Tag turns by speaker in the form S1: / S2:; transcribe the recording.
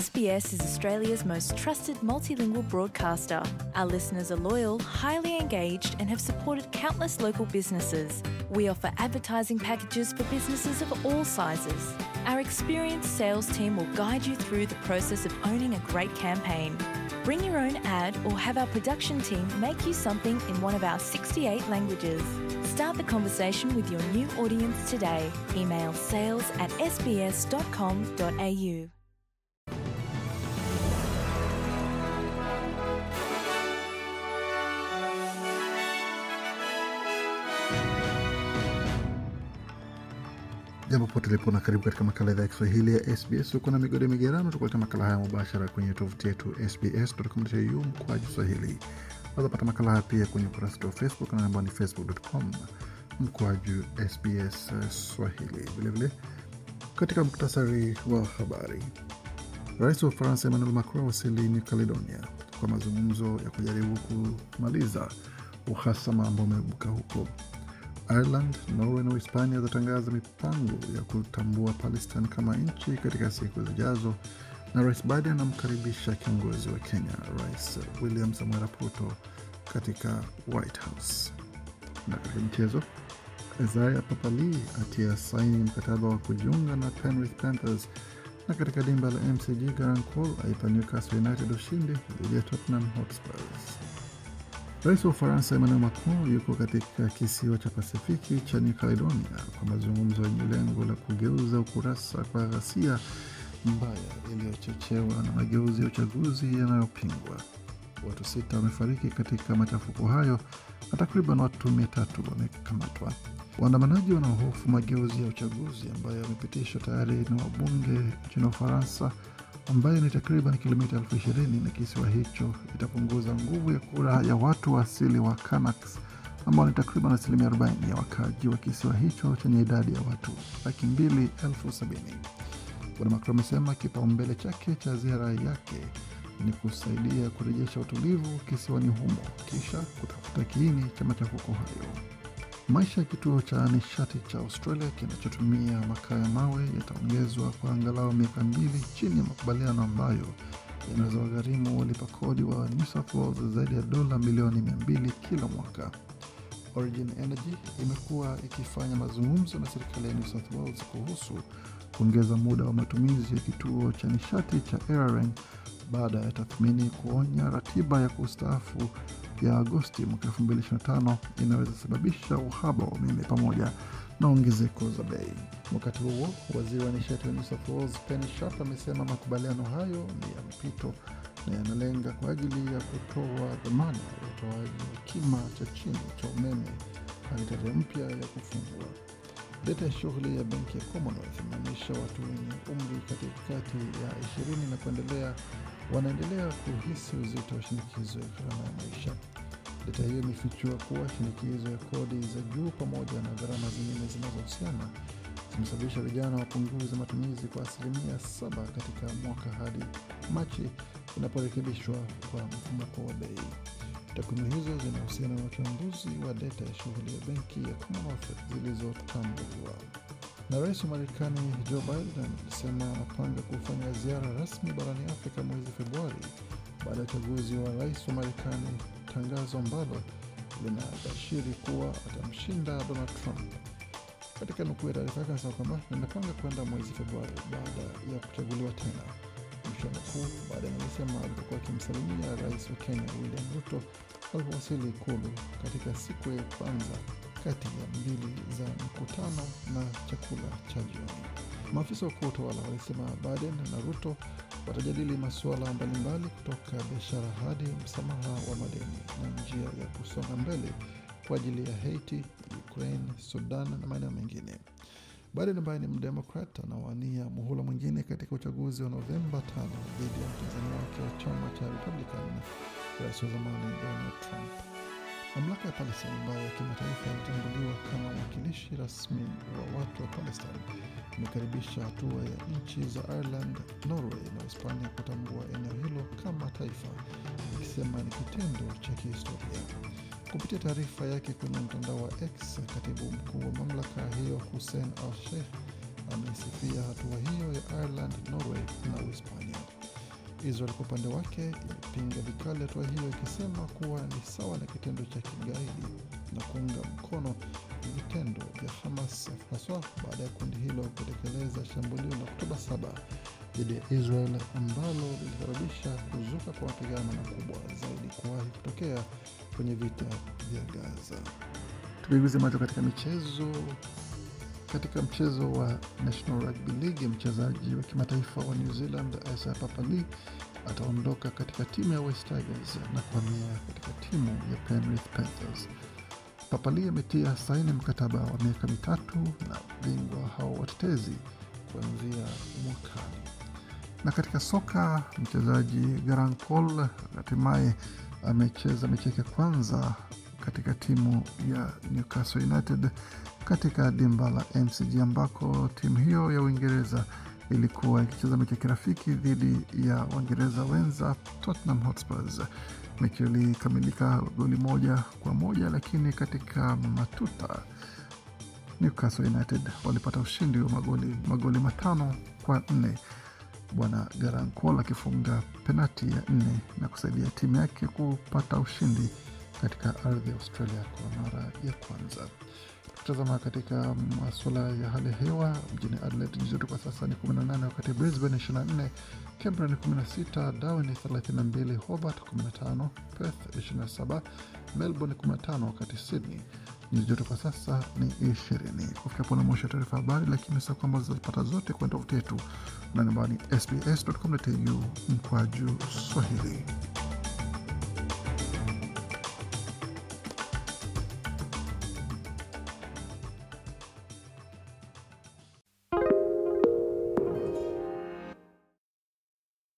S1: SBS is Australia's most trusted multilingual broadcaster. Our listeners are loyal, highly engaged, and have supported countless local businesses. We offer advertising packages for businesses of all sizes. Our experienced sales team will guide you through the process of owning a great campaign. Bring your own ad or have our production team make you something in one of our 68 languages. Start the conversation with your new audience today. Email sales at sbs.com.au. Jambo pote lipo na karibu katika makala idhaa ya Kiswahili ya SBS huko na migode migerano, tukuleta makala haya mubashara kwenye tovuti yetu sbs.com.au kwa Kiswahili. Wazapata makala haya pia kwenye ukurasa wetu wa Facebook na ambao ni facebook.com mkwaju SBS uh, Swahili. Vilevile katika muktasari wa habari, rais wa Ufaransa Emmanuel Macron wasili New Caledonia kwa mazungumzo ya kujaribu kumaliza uhasama ambao umeibuka huko Ireland, Norway na Uhispania zatangaza mipango ya kutambua Palestine kama nchi katika siku zijazo, na Rais Biden anamkaribisha kiongozi wa Kenya Rais William Samoei Ruto katika White House. Na katika mchezo Isaiah Papali atia saini mkataba wa kujiunga na Penrith Panthers, na katika dimba la MCG Cole aipa Newcastle United ushindi dhidi ya Tottenham Hotspurs. Rais wa Ufaransa Emmanuel Macron yuko katika kisiwa cha Pasifiki cha New Caledonia kwa mazungumzo yenye lengo la kugeuza ukurasa kwa ghasia mbaya iliyochochewa na mageuzi ya uchaguzi yanayopingwa. Watu sita wamefariki katika machafuko hayo na takriban watu mia tatu wamekamatwa. Waandamanaji wanaohofu mageuzi ya uchaguzi ambayo yamepitishwa tayari na wabunge nchini Ufaransa ambayo ni takriban kilomita elfu ishirini na kisiwa hicho itapunguza nguvu ya kura ya watu wa asili wa Kanaks ambao ni takriban asilimia 40 ya wakaaji wa kisiwa hicho chenye idadi ya watu laki mbili elfu sabini. Bwana Macron amesema kipaumbele chake cha ziara yake ni kusaidia kurejesha utulivu kisiwani humo kisha kutafuta kiini cha machafuko hayo. Maisha ya kituo cha nishati cha Australia kinachotumia makaa ya mawe yataongezwa kwa angalau miaka mbili chini ya makubaliano ambayo yanaweza wagharimu walipa kodi wa New South Wales zaidi ya dola milioni mbili kila mwaka. Origin Energy imekuwa ikifanya mazungumzo na serikali ya New South Wales kuhusu kuongeza muda wa matumizi ya kituo cha nishati cha Eraring baada ya tathmini kuonya ratiba ya kustaafu ya Agosti mwaka 2025 inaweza sababisha uhaba wa umeme pamoja na ongezeko za bei. Wakati huo, waziri wa nishati wa New South Wales Penny Sharp amesema makubaliano hayo ni ya mpito na yanalenga kwa ajili ya kutoa dhamana ya utoaji wa kima cha chini cha umeme hadi tarehe mpya ya kufungwa. Data ya shughuli ya Benki ya Commonwealth imeonyesha watu wenye umri katikati ya 20 na kuendelea wanaendelea kuhisi uzito wa shinikizo ya gharama ya maisha. Data hiyo imefichua kuwa shinikizo ya kodi za juu pamoja na gharama zingine zinazohusiana zimesababisha vijana wapunguza matumizi kwa asilimia saba katika mwaka hadi Machi inaporekebishwa kwa mfumuko wa bei. Takwimu hizo zinahusiana na uchambuzi wa data ya shughuli ya benki ya Commonwealth zilizotambuliwa. Na rais wa Marekani Joe Biden alisema anapanga kufanya ziara rasmi barani Afrika mwezi Februari baada ya uchaguzi wa rais wa Marekani, tangazo ambalo linabashiri kuwa atamshinda Donald Trump. Katika nukuu ya taarifa yake anasema kwamba ninapanga kwenda mwezi Februari baada ya kuchaguliwa tena kichwa mkuu baada ya wanachama walivyokuwa wakimsalimia rais wa Kenya William Ruto alipowasili Ikulu katika siku ya kwanza kati ya mbili za mkutano na chakula cha jioni. Maafisa wakuu wa utawala walisema Biden na Ruto watajadili masuala mbalimbali kutoka biashara hadi msamaha wa madeni na njia ya kusonga mbele kwa ajili ya Haiti, Ukraine, Sudan na maeneo mengine. Biden ambaye ni mdemokrat anawania muhula mwingine katika uchaguzi wa Novemba tano dhidi ya mpinzani wake wa chama cha Republican, rais wa zamani Donald Trump. Mamlaka ya Palestine ambayo kimataifa ilitambuliwa kama mwakilishi rasmi wa watu wa Palestine imekaribisha hatua ya nchi za Ireland, Norway na Hispania kutambua eneo hilo kama taifa, ikisema ni kitendo cha kihistoria. Kupitia taarifa yake kwenye mtandao wa X, katibu mkuu wa mamlaka hiyo Hussein Al-Sheikh amesifia hatua hiyo ya Ireland, Norway na Uhispania. Israel kwa upande wake ilipinga vikali hatua hiyo ikisema kuwa ni sawa na kitendo cha kigaidi na kuunga mkono vitendo vya Hamas, haswa baada ya kundi hilo kutekeleza shambulio la Oktoba dhidi ya Israel ambalo lilisababisha kuzuka kwa mapigano makubwa zaidi kuwahi kutokea kwenye vita vya Gaza. Tupiguze macho katika michezo. Katika mchezo wa National Rugby League, mchezaji wa kimataifa wa New Zealand Asa Papali ataondoka katika timu ya West Tigers na kuhamia katika timu ya Penrith Panthers. Papali ametia saini mkataba wa miaka mitatu na bingwa hao watetezi kuanzia mwakani. Na katika soka, mchezaji Garang Cole hatimaye amecheza mechi yake kwanza katika timu ya Newcastle United katika dimba la MCG ambako timu hiyo ya Uingereza ilikuwa ikicheza mechi ya kirafiki dhidi ya Waingereza wenza Tottenham Hotspurs. Mechi ilikamilika goli moja kwa moja, lakini katika matuta Newcastle United walipata ushindi wa magoli magoli matano kwa nne. Bwana Garankol akifunga penati ya nne na kusaidia timu yake kupata ushindi katika ardhi ya Australia kwa mara ya kwanza. Tukitazama katika masuala ya hali ya hewa mjini Adelaide nyuzi joto kwa sasa ni 18, wakati Brisbane 24, Canberra ni 16, Darwin ni 32, Hobart 15, Perth 27, Melbourne 15, wakati Sydney joto kwa sasa ni ishirini. Kufika pona mwisho ya taarifa habari, lakini sa kwamba zitazipata zote kwenye tovuti yetu na nambari ni sbs.com.au mkwaju Swahili.